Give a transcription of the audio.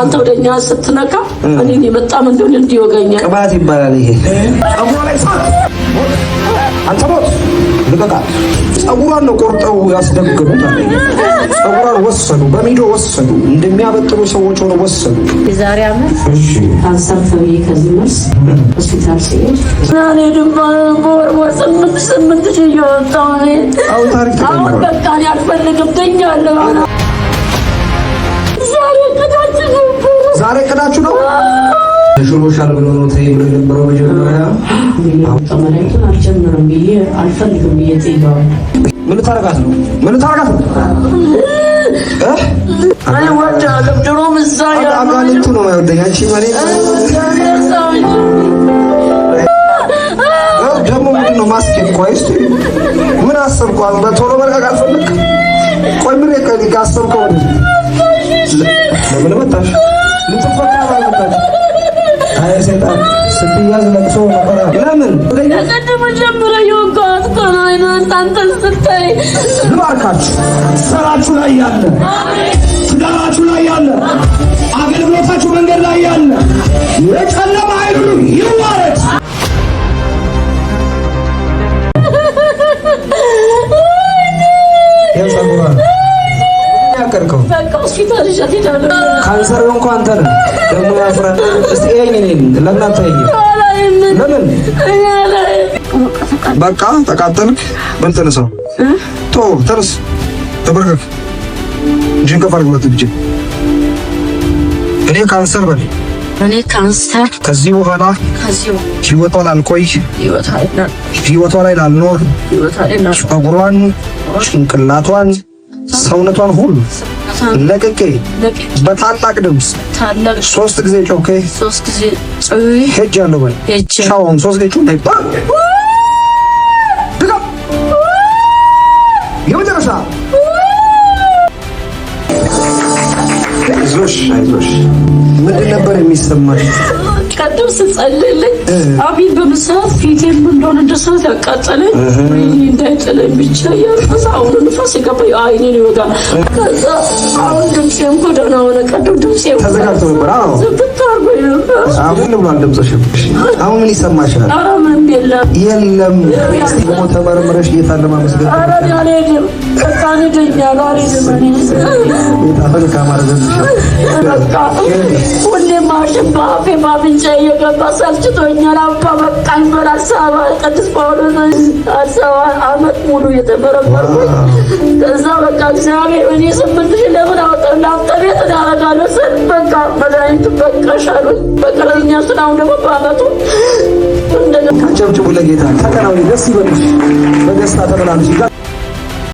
አንተ ወደ እኛ ስትነካ እኔን የመጣም እንደሆነ እንዲወጋኛል። ቅባት ይባላል ይሄ አንተ ሞት ልቀቃል። ጸጉሯን ነው ቆርጠው ያስደግሙታል። ጸጉሯን ወሰዱ፣ በሚዶ ወሰዱ፣ እንደሚያበጥሩ ሰዎች ሆነ ወሰዱ። የዛሬ አመት ካንሰር ተብዬ ከዚህ መርስ ሆስፒታል ሲሄድ ዛሬ ድማ ወር ስምንት ስምንት ሺህ እያወጣሁ አሁን በቃ እኔ አልፈልግም ተኛለሁ ዛሬ ክዳችሁ ነው ተሽሎሻል ብሎ ነው ተይ ብሎ የነበረው መጀመሪያ መድኃኒቱን አልጀምርም ብዬ አልፈልግም ብዬ ጥያዋል። ምን ታረጋት ነው? ምን ታረጋት ነው? አጋንንቱ ነው የማይወደኝ አንቺ ደግሞ ምንድን ነው ማስኬድ? ቆይ እስኪ ምን አሰብኩ? በቶሎ መልቀቅ አልፈለግም። ቆይ ምን አሰብከው? ለምን መጣሽ? አይ ሰይጣን ስትያዝ ለቅሶ ነበር። ለምን ከቀደም ጀምሮ የወጋት ቶሎ አይነት አንተን ስታይ ልባርካችሁ። ስራችሁ ላይ ያለ፣ ትዳራችሁ ላይ ያለ፣ አገልግሎታችሁ መንገድ ላይ ያለ የጨለማ ኃይል ይዋረድ። ካንሰር እንኳን አንተ ደግሞ ያፍራል ተይኝ፣ ለእናንተ ለምን በቃ ተቃጠልክ። በል ተነሳው፣ ቶ ተነስ፣ ተበርከክ፣ እጅን ከፍ አድርግበት። ብቻ እኔ ካንሰር በል እኔ ካንሰር ከዚህ በኋላ ህይወቷ ላልቆይ ህይወቷ ላይ ላልኖር ጸጉሯን፣ ጭንቅላቷን፣ ሰውነቷን ሁሉ ለቅቄ በታላቅ ድምፅ ሶስት ጊዜ ጮኬ ሄጃለሁ በል። ሻውን ሶስት ጊዜ ጮኬ የመጨረሻ አይዞሽ አይዞሽ ምንድን ነበር የሚሰማሽ? ቀደም ስጸልልኝ አቤል በመሰራት ፊቴ እንደሆነ እንደሰት ያቃጠለኝ እንዳይጥለኝ ብቻ እያልኩ አሁን ንፋስ የገባ አይኔን ይወጋል። ከዛ አሁን ድምፄም ጎዳና ሆነ። ቀደም ድምፄ ተዘጋግቶ ነበር። አሁን ብሏል ድምፅሽም። አሁን ምን ይሰማሻል? ኧረ ምንም የለም የለም። ደግሞ ተመርምረሽ ጌታን ለማመስገን ጌታ ቃልሽን በአፌ ባፍንጫ እየገባ ሰልችቶኛል። አባ በቃኝ በል አሳባ ቅዱስ ጳውሎስ አሳባ አመት ሙሉ የተመረመርኩኝ እዛ በቃ እግዚአብሔር እኔ ስምንት ሺህ ለምን ቤት እዳረጋለሁ ስል በቃ መድኃኒቱ በቀሻሉ በቀረኛ ስን አሁን ደግሞ በአመቱ እንደ አጨብጭቡ ለጌታ ከቀናው ደስ ይበልሽ በደስታ ተመላልሽ